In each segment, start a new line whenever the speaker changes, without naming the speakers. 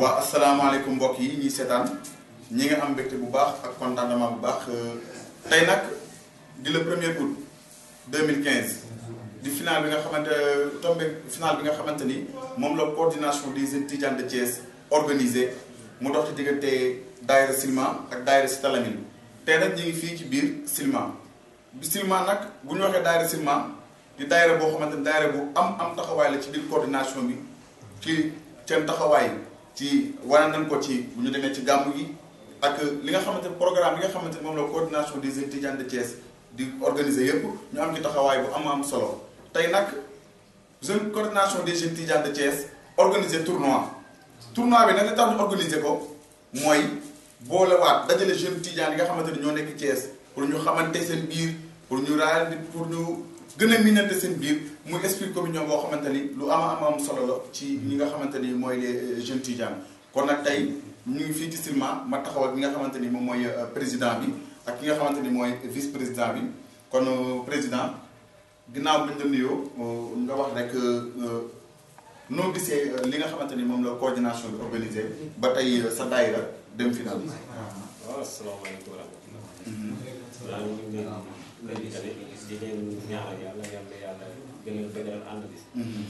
waaw asalaamaaleykum mbokk yi ñuy seetaan ñu ngi am mbégte bu baax ak contentement bu baax euh, tey nag di le premier août 2015 di final bi nga xamante tombé final bi nga xamante ni moom la coordination des tiijan de Thiès organisé mu dox ci diggante daayira Silema ak daayira Cité bi tey nag ñu ngi fii ci biir Silema bi Silema nag bu ñu waxee daayira di daayira boo xamante ni daayira bu am am taxawaay la ci biir coordination bi ci seen taxawaay ci wane nañ ko ci bu ñu demee ci gàmmu gi ak li nga xamante programme bi nga xamante moom la coordination des étudiants de Thiès di organiser yëpp ñu am ci taxawaay bu am am solo tey nag jeune coordination des jeunes étudiants de Thiès organiser tournoi tournoi bi nag li tax ñu organiser ko mooy boolewaat dajale jeunes étudiants yi nga xamante ne ñoo nekk Thiès pour ñu xamante seen biir pour ñu raayal pour ñu. gën a miinante seen biir muy esprit communion boo xamante ni lu ama am solo la ci ñi nga xamante ni mooy les euh, jeunes Tidjane kon nag tey ñu ngi fii ci Silema ma taxaw ak nga xamante ni moom mooy euh, président bi ak ki nga xamante ni mooy vice président bi kon euh, président ginnaaw bi ñu la nuyoo nga wax rek noo gisee li nga xamante ni moom la coordination bi ba tey sa daayira dem final. Ah, waaw asalaamaaleykum wa rahmatulah.
Mm-hmm. waaw ñu ngi leen tamit ah, di gis di leen ñaanal yàlla yàlla yàlla gën a dëgëral ànd bi. Mm-hmm.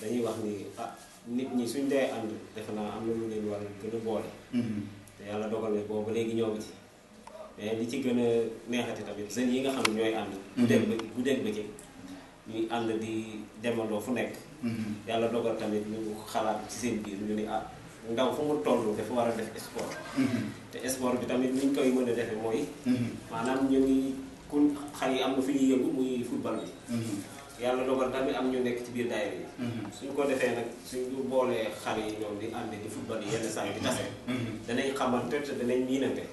dañuy wax ni ah nit ñi suñ dee ànd defe naa am na lu leen war a gën boole. Mm-hmm. te yàlla dogal ne boobu léegi ñoo ngi ci mais li ci gën a neexati tamit jeunes yi nga xam ñooy ànd. Mm-hmm. guddeeg ba guddeeg ba ci ñuy ànd di demandoo fu nekk. yàlla dogal tamit ñu xalaat ci seen biir ñu ne ah. ndaw fu mu toll dafa war a def sport mhm. te sport bi tamit ni ñu koy mën a defee mooy mhm. maanaam ñu ngi kun xale yi am na fi ñuy yëngu muy football bi mhm. yàlla dogal tamit am ñu nekk ci biir daayira yi suñ ko defee nag suñu boolee xale yi ñoom di ànd di football yi yenn saa yi di tase danañ xamante te danañ miinante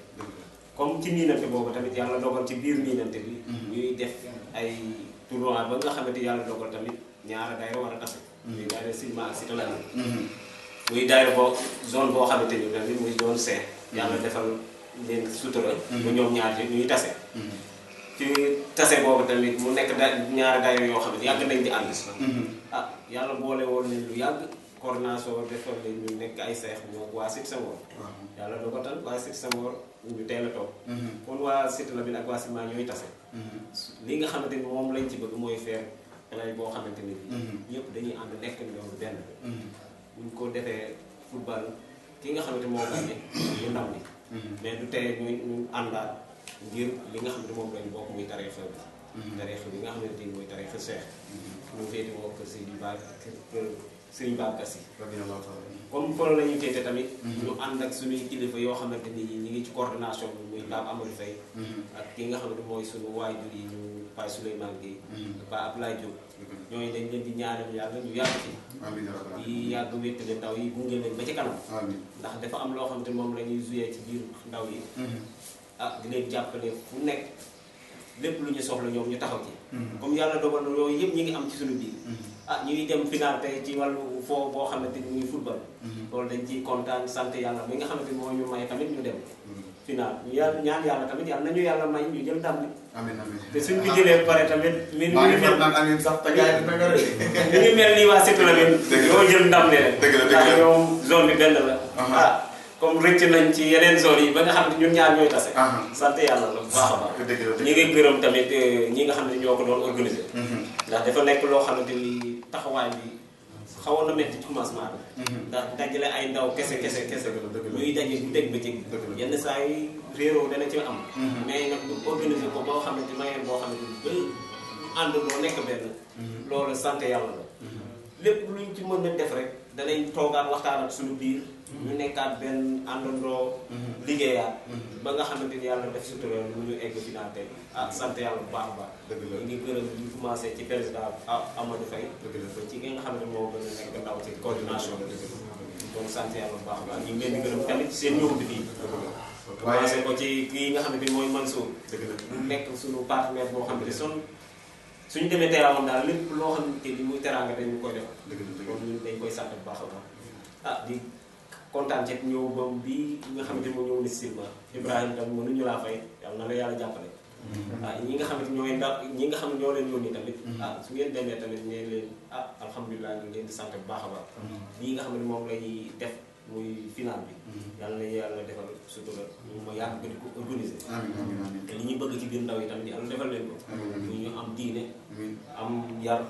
comme ci miinante boobu tamit yàlla dogal ci biir miinante bi ñuy def ay tournoi ba nga xamante yàlla dogal tamit ñaara daayira war a tase ñuy daayira Sigma ak muy daayira boo zone boo xamante ni bi muy zone C. yàlla mhm. defal leen sutura. bu mhm. ñoom ñaar ñuy tase. Mhm. ci tase boobu tamit mu nekk da ñaar daayira yoo xam ne yàgg nañ di ànd. ah yàlla boole woon nañ lu yàgg. coordination ñu nekk ay seex ñoo waa Cité Senghor. yàlla dogatal waa Cité Senghor ñu teel a toog. kon waa Cité Lamy ak waa Cité Lamy ñooy tase. li nga moom lañ ci bëgg mooy faire xelal boo xamante ni. ñëpp dañuy ànd nekk ñoom benn. buñ ko defee football ki nga xamante moo gàññe ñu ndam li mhm. mais du tere ngir li nga xamante moom lañ bokk muy tareexa bi mhm. tareexa nga xamante ni mooy tareexa Cheikh mhm. ñu féete woo kër Serigne la ñuy féete tamit ñu ànd ak suñuy kilifa yoo xamante ni ñi ngi ci coordination bi muy Pape Amadou Faye ak ki nga xamante mooy suñu waajur yi ñu Baye Souleymane Guèye mm-hmm. Baye Abdoulaye Diop mm-hmm. ñooñu dañ leen di ñaanal yàlla ñu yàgg ci yi yàgg wéttale ndaw yi gunge leen ba ci kanam ndax dafa am loo xam te moom la ñuy joué ci biir ndaw yi mm-hmm. ah di leen jàppale fu nekk lépp lu ñu soxla ñoom ñu taxaw ci comme yàlla dogal na yooyu yëpp ñu ngi am ci suñu biir ah ñu ngi dem final tey ci wàllu foo boo xamante ni muy football loolu dañ ciy kontaan sant yàlla mi nga xamante ni moo ñu may tamit ñu dem final ñaan yàlla tamit amiin amiin te suñ ko jëlee ba pare tamit. mi ngi mel maa nii waa Sétul Amine. ñoo jël ndam ne rek. dëgg la dëgg la ñoom zone bi la. Ah, comme rëcc nañ ci yeneen zone yi ba nga xam ne ñun ñaar ñooy tase. sant yàlla la bu baax a ñi ngi gërëm tamit eh, ñi nga xam ne ñoo ko doon organisé. Mhm. ndax dafa nekk loo xamante ni taxawaay bi. xawoon na métti ci commencement mhm. ndax dajale ay ndaw kese kese kese. ba ñuy daje bu dégg bëccëg. yenn saa yi réeroo dana ci am. Mhm. mais nag du organiser ko boo xamante ne boo xam ni bëri ñu ànd loo nekk benn. Mhm. loolu sant yàlla la. lépp luñ ci mën a def rek danañ toogaat waxtaan ak suñu biir. ñu nekkaat benn àndandoo. Mhm. liggéeyaat. Mhm. ba nga xamante ni yàlla def sutura lu ñu egg final tey ah sant yàlla bu baax a baax. dëgg la ñu ngi gërëm ñu commencé ci président Amadou Faye. dëgg la ba ci ki nga xam ne moo gën a nekk ndaw ci coordination bi. donc bu baax a di gërëm tamit seen ñëw bi ko ci kii nga xam ne mooy Mansour. dëgg la mu nekk suñu partenaire boo xam ne son suñu demee teeraawoon daal lépp loo xamante ni muy teraanga dañu koy def. dëgg la dëgg la kon ñun dañ koy sant bu baax a ah, kontaan ceeg ñëw ba bii nga xamante moo ñëw ne Silva ñu tam mënuñu laa fay yàlla na la yàlla jàppale waaw mm-hmm. ah, ñi nga xamante ñooy ndax ñi nga xam ne ñoo leen ñëw nii tamit mm-hmm. ah, su ngeen demee tamit nee leen ah alhamdulilah leen di sant bu baax a baax mm-hmm. nga xam ne moom lay def muy final bi yàlla na yàlla defal sutura ñu ma yàgg ko di ko organiser te li ñu bëgg ci biir ndaw yi tamit yàlla defal leen ko ñu am diine am yar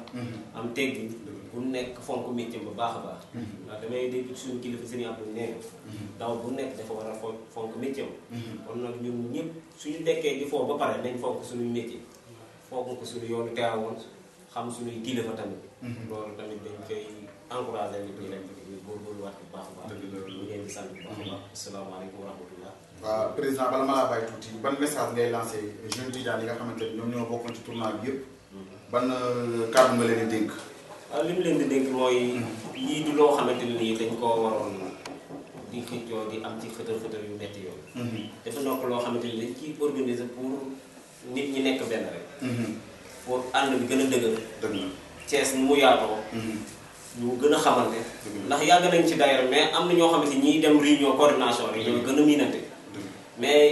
am teggin bu nekk fonk métier bu baax a baax. Mhm. ndax damay dégg suñu kilifa sëriñ Abdou nee mhm. daw bu nekk dafa war a fonk fonk métier mhm. kon nag ñun ñëpp suñu dekkee di foo ba pare nañ fonk suñu métier. ko suñu yoonu teewoon xam suñuy kilifa tamit. loolu tamit dañ koy encouragé nit ñi rek ñu góorgóorluwaat bu baax a baax. ñu
ngi leen di sant bu baax a baax. asalaamaaleykum wa rahmatullah. waaw président bala ma laa bàyyi tuuti ban nga yëpp. ban euh, kàddu nga leen di dénk. Euh, li leen di dénk mooy lii du loo xamante ne nii dañ koo waroon
di xëccoo di am ci xëtër xëtër yu metti yooyu mhm. dafa nokk loo xamante ni dañ ciy organiser pour nit ñi nekk benn rek mhm. pour ànd bi gën a dëgër Cees nu mu yaatoo mhm. ñu gën a xamante ndax yàgg nañ ci daayira mais am na ñoo xam si ñii dem réunion coordination rek ñooy gën a miinante mais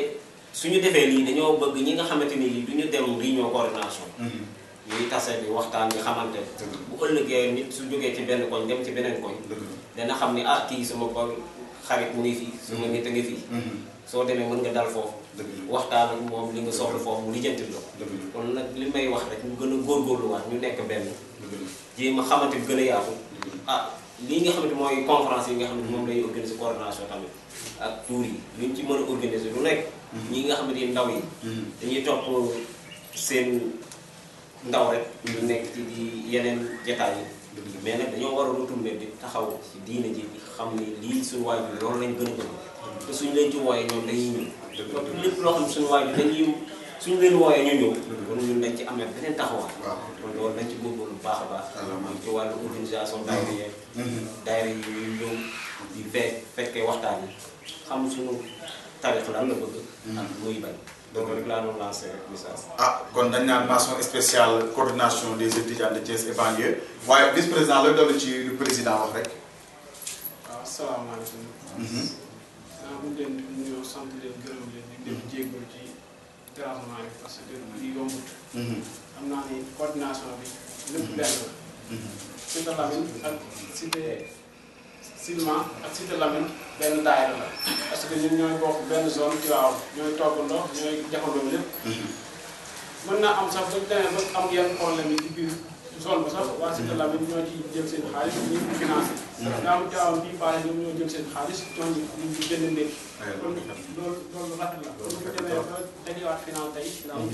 su ñu defee lii dañoo bëgg ñi nga xamante ni lii duñu ñu dem réunion coordination ñuy tase bi waxtaan bi xamante bu ëllëgee nit su jógee ci benn koñ dem ci beneen koñ dana xam ne ah kii suma ko xarit mu ngi fii suma nit a ngi fii soo demee mën nga dal foofu waxtaan moom li nga soxla foofu mu lijjantil la kon nag li may wax rek ñu gën a góorgóorluwaat ñu nekk benn jéem a xamante bi gën a yaatu ah lii nga xamante mooy conférence yi nga xam ne moom lay organiser coordination tamit ak tuur yi luñ ci mën a organiser lu nekk ñii nga xamante yi ndaw yi dañuy topp seen ndaw rek ñu nekk ci di yeneen jataay yi mais nag dañoo war a retourné taxaw ci diine ji xam ni lii suñu waay bi lañ suñ leen ci ñoom dañuy ñëw donc lépp loo leen wooyee ñu ñëw kon ñun dañ ci amee beneen taxawaay kon loolu dañ ci góorgóorlu bu baax a baax am ci wàllu organisation mm-hmm. daayira yi mm-hmm. daayira yi ñuy ñëw di fekk
fekkee waxtaan yi xam suñu tarix lan la bëgg mm-hmm. ak muy bañ donc rek laa doon lancé ah kon dañ naan mention spéciale coordination des étudiants de Thiès et waaye vice président lay dolli ci lu président wax rek.
waaw ah,
asalaamaaleykum.
maa mhm. ah, ngi leen di nuyoo sant leen gërëm leen di def jéegul ci dérangement yi parce que lii yombut. Mhm. am naa ni coordination bi. lépp benn la. ci mhm. la ak ci Silma ak si Lamine benn daayira la parce que ñun ñooy bokk benn zone ci waaw ñooy toggandoo ñooy jaxandoo lépp. Mhm. mën naa am sax dañu demee ba am yenn problème yi ci biir zone ba sax waa Cité mhm. Lamine ñoo ci jël
seen xaalis ñu ngi financé. daa am jaawam bii baax ñoom ñoo jël seen xaalis ñooñu ñu ngi jënd ndékki. Ah, loolu loolu ràtt la. loolu ràtt la kon bu ñu demee ba dajewaat final
tey. Mhm. daa am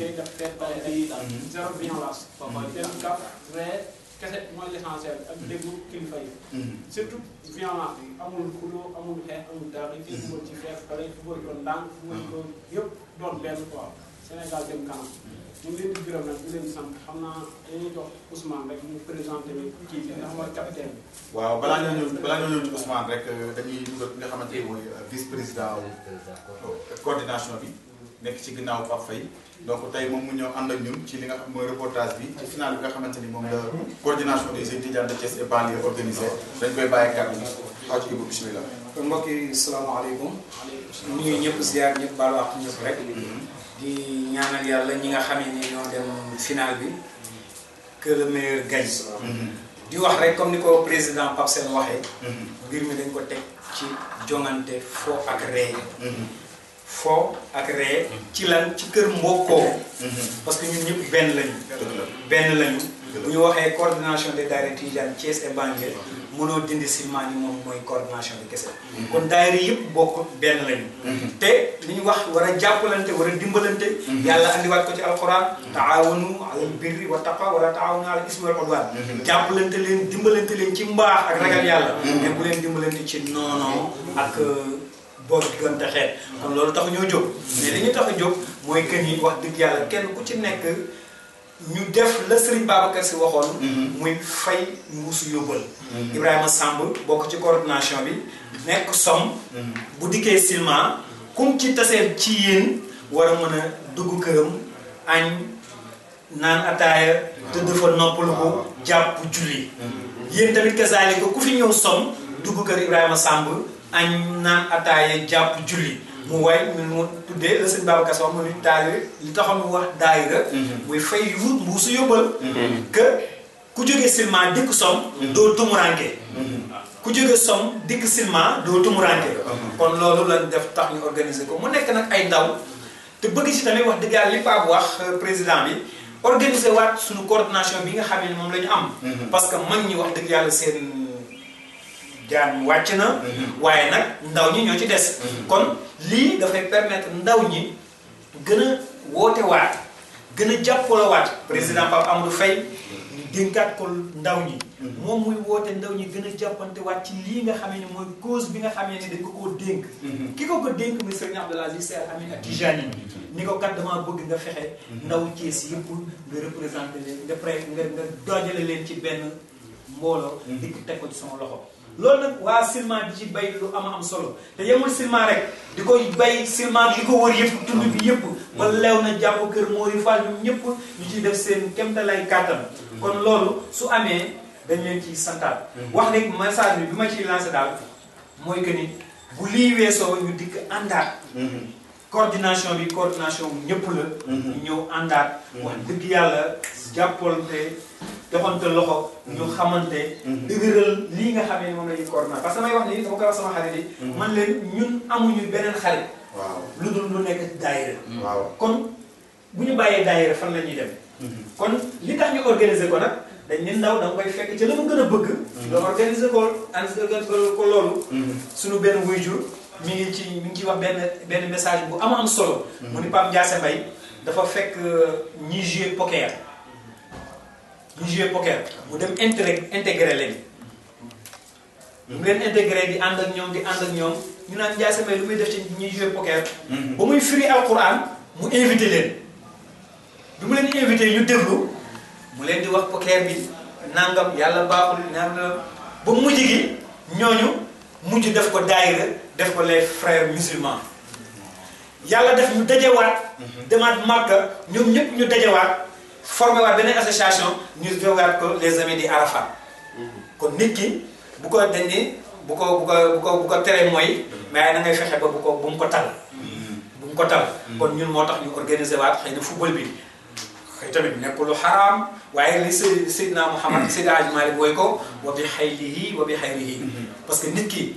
ba ay jël kàpp reer. kese mooy l'essentiel ak déglu kilifa yi. Mm-hmm. surtout violence bi amul xuloo
amul xeex amul dara dañ koy dugal ci fees pare dugal ko ndànk dugal ko mm-hmm. yëpp doon benn quoi Sénégal dem kanam. Mm-hmm. ñu ngi di gërëm nag di sant xam naa dañuy jox Ousmane rek mu
présenté kii bi ndax mooy capitaine bi. waaw balaa ñoo ñëw balaa ñoo ñëw ci Ousmane rek euh, dañuy dugal nga xamante ne mooy euh, vice président euh, coordination bi. nekk ci ginnaaw Pape Faye donc tey moom mu ñëw ànd ak ñun ci li nga xam mooy reportage bi ci final bi nga xamante ni moom la coordination des étudiants de Thiès et banlieue organisé dañ koy bàyyi kàddu gi xaaj Ibou bismillah
mbokk ñëpp ziar ñëpp baal ñëpp
rek di
ñaanal yàlla ñi nga xam ni ñoo dem final bi que le meilleur gagne di wax rek comme ni ko président Pape Sène waxee mm-hmm. mbir mi dañ ko teg ci jongante foo ak ree fo ak ree ci lan ci kër mbokkoo parce que ñun ñëpp benn lañu benn lañu bu ñu waxee coordination de daayira Tijaan Thiès et Banlieue mënoo dindi silman ni moom mooy coordination bi kese kon daayira yëpp bokk benn te li ñu wax war a jàppalante war a dimbalante yàlla andiwaat ko ci alquran taawanu alal birri wa taqwa wala taawanu alal ismi wal udwan jàppalante leen dimbalante leen ci mbaax ak ragal yàlla mais bu leen dimbalante ci noonoo ak boog diggante xeet kon loolu tax ñoo jóg mais li tax a jóg mooy que ni wax dëgg yàlla kenn ku ci nekk ñu def la Serigne Babacar Sy waxoon mm-hmm. muy fay mbuusu yóbbal mm-hmm. Ibrahima Samb bokk ci coordination bi nekk som mm-hmm. bu dikkee silma kum ci tasee ci yéen war a mën a dugg këram añ naan ataaya tëdd fa noppalu ko jàpp julli yéen tamit kasaali ko ku fi ñëw som dugg kër Ibrahima Samb añ naan ataaya jàpp julli mu waay mu tuddee la sëñ Babacar Sow mu ni daayira li taxoon mu wax daayira mhm. muy fay yuur bu su yóbbal mhm. que ku jógee silma dikk som mhm. doo tumuranke ku jóge som dikk silma doo tumuranke kon loolu la def tax ñu organiser ko mu nekk nag ay ndaw te bëgg si tamit wax dëgg yàlla li Pape wax euh, président bi organiser waat suñu coordination bi nga xam ne moom la ñu am parce que mag ñi wax dëgg yàlla seen jaan wàcc na mhm. waaye nag ndaw ñi ñoo ci des mhm. kon lii dafay permettre ndaw ñi gën a woote waat gën a jàppalawaat président mhm. Pape Amadou Faye ñu dénkaat ko ndaw ñi moom muy woote ndaw ñi gën a jàppante waat ci lii nga xamee ni mooy cause bi nga xamee ni dañ ko koo dénk ki ko ko dénk muy Serigne Abdoul Aziz Sy Al Amine Tijani ni ko kat damaa bëgg nga fexe ndaw Thiès yëpp nga représenté leen nga pre nga nga leen ci benn mbooloo dikk teg ko ci loxo loolu nag waa Silema di ci bay lu am am solo te yemul Silema rek di ko bay Silema di ko wër yëpp tund bi yëpp. ba lew na jàpp kër Mori Fall ñun ñëpp ñu ci def seen kéemtalaay kàttan. kon loolu su amee dañ leen ciy santaat. wax rek message bi bi ma ci lancé daal mooy que ni bu lii weesoo ñu dikk àndaat. coordination bi coordination bu ñëpp la. Mm-hmm. ñëw àndaat. Mm-hmm. wax dëgg yàlla jàppalante. joxante loxo. ñu mm-hmm. xamante. Mm-hmm. dëgëral lii nga xamee ne moom ko ñuy coordonné parce que may wax nii dama koy wax sama xarit yi. Mm-hmm. man leen ñun amuñu beneen xarit. lu dul lu nekk daayira. waaw kon bu ñu bàyyee daayira fan la ñuy dem. kon li tax ñu organiser ko nag dañ ne ndaw da nga koy fekk ci la mu gën a bëgg. nga organiser ko loolu. suñu benn wayjur mu ngi ci mu ngi ciy wax benn benn message bu am am solo. mu ni Pape Ndiassé Mbaye dafa fekk euh, ñi jouer poker. ñu joué poker mu dem intégré intégré leen bi mu leen intégré di ànd ak ñoom di ànd ak ñoom ñu naan Ndiaye Samaye lu muy def ci ñu joué poker mhm. ba muy firi alquran mu invité leen bi mu leen invité ñu déglu mu leen di wax poker bi nàngam yàlla baaxul nangam ba mujj gi ñooñu mujj def ko daayira def ko les frères musulmans yàlla def ñu dajewaat mhm. demaat Makka ñoom ñëpp ñu dajewaat formé waat beneen association ñu jogaat les amis di kon nit ki bu ko dañ ni bu ko bu ko bu ko teree mooy mais nangay fexe ba bu ko bu mu ko tal bu mu ko tal kon ñun moo tax ñu organiser waat xëy na football bi xëy tamit xaraam waaye li si Seydina Mouhamad Seydi Hadji Malick wooy ko wa bi xaylihi parce que nit ki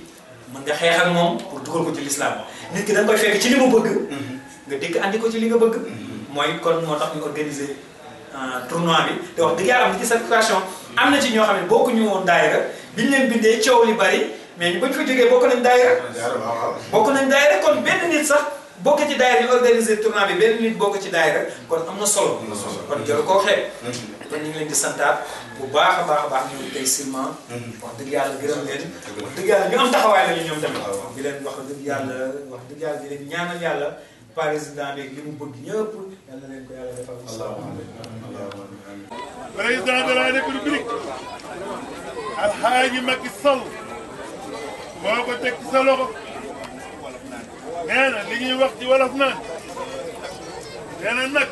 mën nga xeex ak moom pour dugal ko ci l'islam nit ki da koy fekk ci li mu bëgg nga dégg andi ko ci li nga bëgg mooy kon moo tax ñu organiser Euh, tournoi bi te wax dëgg yàlla am na ci satisfaction am na ci ñoo xam ne bokk bokkuñu woon daayira biñ leen bindee coow li bari mais ñu bañ fa jógee bokk nañ daayira bokk nañ daayira kon benn nit sax bokk ci daayira ñu organiser tournoi bi benn nit bokk ci daayira kon am na solo kon jël koo xeeb kon ñu ngi leen di santaat bu baax a baax a baax ñoom tey silman wax dëgg yàlla gërëm leen wax dëgg yàlla ñu am taxawaay la ñu ñoom tamit di leen wax dëgg yàlla wax dëgg yàlla di leen ñaanal yàlla président na leen ko yàlla defal
président de la moo ko teg ci sa loxo nee na li ñuy wax ci wolof naan nee na nag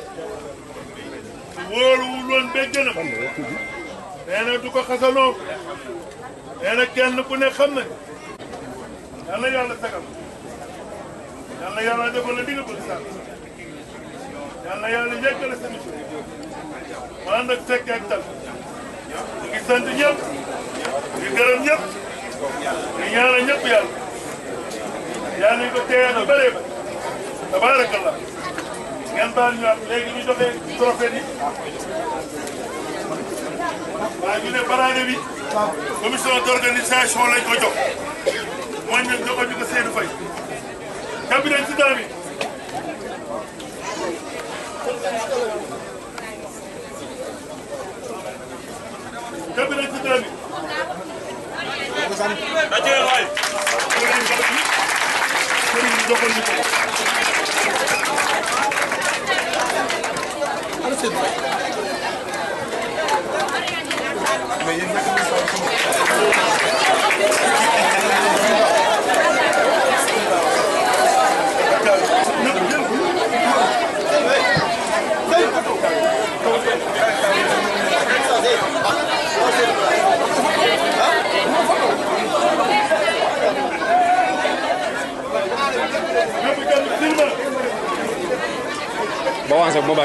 wóoluwul woon béjjënam nee na du ko xasaloo nee na kenn ku ne xam na yàlla yàlla sagal yàlla yàlla defal la li nga bëgg yal na yàlla yeggale seen émission ma ànd ak fekk ak tal ñu ngi sant ñëpp ñu gërëm ñëpp ñu ñaanal ñëpp yàlla yàlla nañu ko teewaat ba bëree ba tabaarakallah ngeen baal ñu am léegi ñu joxe trophée yi
waaye ñu ne baraade
bi commission d'organisation lañ ko jox mooy ñu joxoon ñu ko Seydou Faye. cabinet ci dara bi. mais yéen nag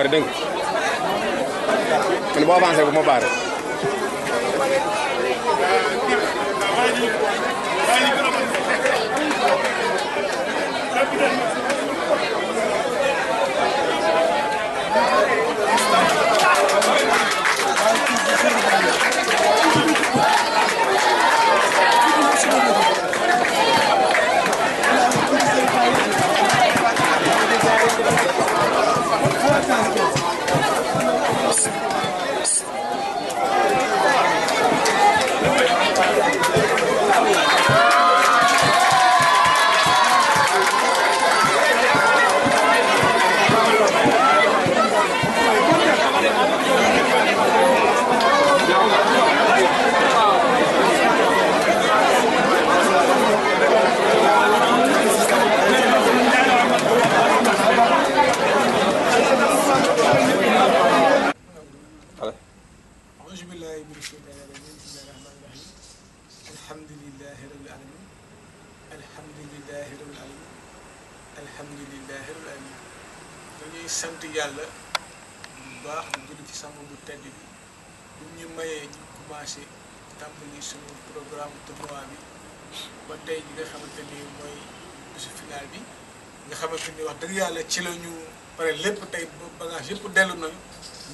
dégg nga man boo avancé bu ma baare.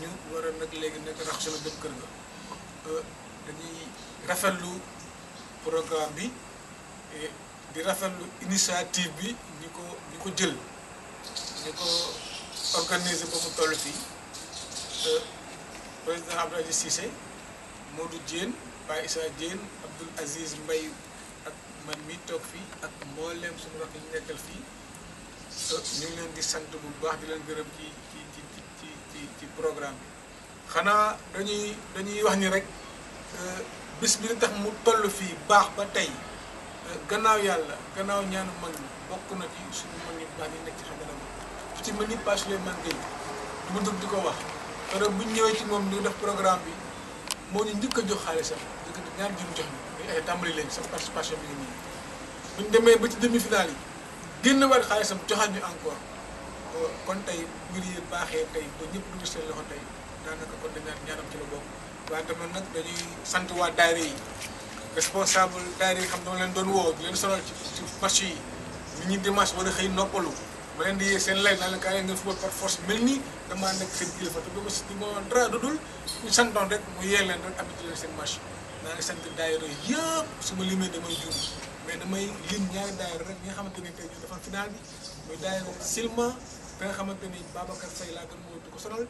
ñu war a nag léegi nekk rax solo dem kër ga euh, dañuy rafetlu programme bi di rafetlu initiative bi ñu ko ñu ko jël ñu ko organiser ba mu toll fii euh, président Abdoulaye Cissé Modou Diène Baye Issa Diène Abdoul Aziz Mbaye ak man mi toog fii ak mboolem suñu rakk yi ñu nekkal fii euh, ñu ngi leen di sant bu baax di leen gërëm ci ci ci programme bi xanaa dañuy dañuy wax ni rek euh, bis bi li tax mu toll fii baax ba tey euh, gannaaw yàlla gannaaw ñaanu mag ñi bokk na ci suñu mag ñi baax ñi nekk ci xadara bi ci mel ni Pape Souleymane Gueye du ma dugg di ko wax parce bu ñu ñëwee ci moom ñu def programme bi moo ñu njëkk jox xaalisam njëkk a ñaar jëm ay tàmbali leen sa participation bi nga nii bu demee ba ci demi-finale yi génn waat xaalisam joxaat ñu encore kon tey mbir yi baaxee tey ba ñëpp dugg seen loxo tey daanaka kon dañu naan ñaanam ci la bokk waaye tamit nag dañuy sant leen doon woo di leen sonal ci ci marché yi nit ñi dimanche war a xëy noppalu ba leen di seen lay naa leen kaa leen moo dara du dul ñu santoon rek yëpp su ma damay juum mais damay lim ñaari daayira rek ñi nga xamante ne tey ñu defal final bi muy silma ka nga xamante ni Babacar Seye laa gën moo di ko sonal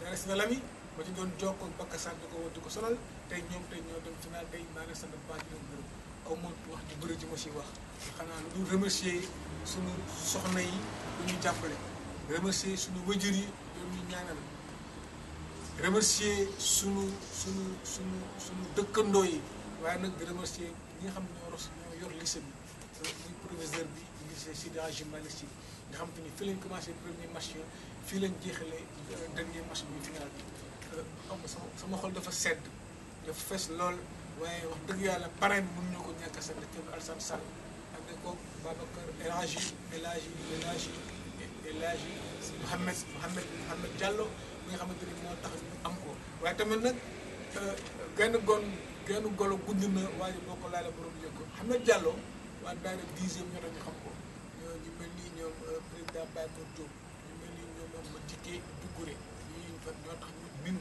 daanaka si na lami ma ci doon jokkoo ak Bakka Sane di ko woo ko sonal tey ñoom tey ñoo dem final tey maa ngi sant bu baax di leen gërëm aw ma wax ju bëri ji ma siy wax xanaa lu dul remercier suñu soxna yi lu ñu jàppale remercier suñu wëjër yi lu ñu ñaanal remercier suñu suñu suñu suñu dëkkandoo yi waaye nag di remercier ñi nga xam ne ñoo ros ñoo yor lycée bi muy proviseur bi lycée Seydi nga xam te ni fii lañ commencé premier match yi fii lañ jeexalee dernier match bi final bi euh, am sama sama xol dafa sedd dafa fees lool waaye wax dëgg yàlla parrain bi mënuñu ko ñàkk a sant kër Alassane Sall ak ne ko Babacar El Hadji El Hadji El Hadji El Hadji Mouhamed Mouhamed Mouhamed Diallo mi nga xamante ni moo tax am ko waaye tamit nag euh, genn gon genn golo gudd na waaye boo ko laalee borom yëg ko xam ne Diallo waaye daanaka dixième ñoo tax ñu xam ko. président Baye Mor Diop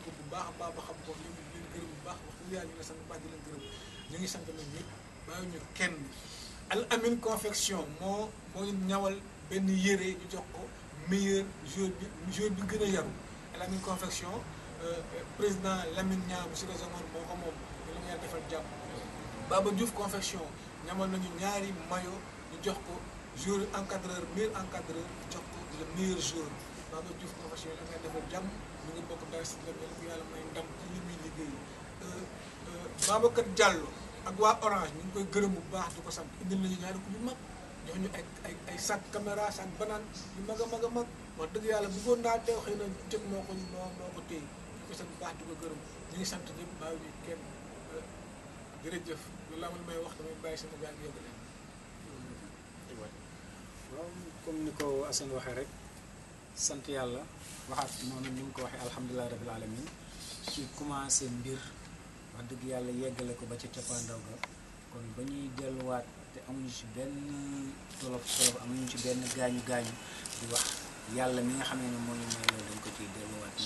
bu baax baax xam ko baax wax dëgg yàlla ñu ne sant baax di ngi sant nañ ñëpp bàyyi kenn al amin confection moo moo ñawal benn yére jox ko meilleur joueur bi joueur bi gën a yaru al amin confection euh, président Lamine Niang monsieur le zone moo ko moom la ñu defal jàpp Baba Diouf confection ñamal nañu ñaari mayo ñu jox ko jour encadreur meilleur encadreur jox ko le meilleur joueur maa ngi Diouf professionnel ngay jàmm mu ngi bokk dara si la mel ku yàlla may ndam ci li muy euh, euh, ak waa Orange ñu ngi koy gërëm bu baax di ko sant indil nañu ñaari ku ñu mag jox ñu ay ay ay sac caméra sac banaan yu mag a mag a mag wax dëgg yàlla bëggoon naa teew xëy na jëm moo ko moo moo ko téye di ko sant bu baax di ko gërëm ñu ngi sant ñëpp bàyyi ñu kenn euh, jërëjëf loolu laa may wax damay bàyyi sa gaal gi yóbbu leen
waaw comme ni ko Assane waxee rek sant yàlla waxaat noonu ni mu ko waxee alhamdulilah rabil alamin ci commencé mbir wax dëgg yàlla yeggale ko ba ca cappaandaw ga kon ba ñuy delluwaat te amuñu ci benn tolof tolof amuñu ci benn gaañu gaañu di wax yàlla mi nga xam ne moo ñu may loolu dañ ko ciy delluwaat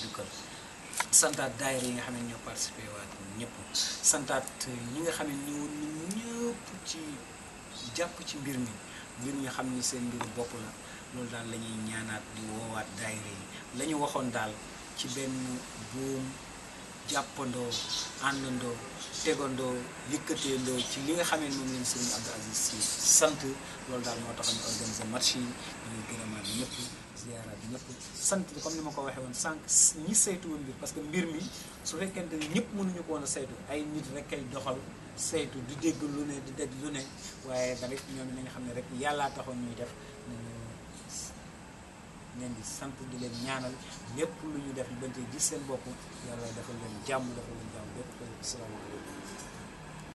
santaat daayira yi nga xam ne ñoo participé waat ñëpp santaat ñi nga xam ne ci jàpp ci mbir mi ngir ñu xam ni seen mbiru bopp la loolu daal la ñuy ñaanaat di woowaat daayira yi la waxoon daal ci benn buum jàppandoo àndandoo tegandoo yëkkateendoo ci li nga xamee moom leen sëriñ Abdou Aziz si sant loolu daal moo tax ñu organiser marché yi ñuy gërëmaat ñëpp ziara bi ñëpp sant bi comme ni ma ko waxee woon sànq ñi saytu woon mbir parce que mbir mi su fekkente ni ñëpp mënuñu ko woon a saytu ay nit rek kay doxal saytu di dégg lu ne di dégg lu ne waaye tamit ñoom nañ xam ne rek yàllaa taxoon ñuy def nañu leen di sant di leen ñaanal lépp lu ñu def ñu bañ cee gis seen bopp yàlla defal leen jàmm defal leen jàmm lépp salaamaaleykum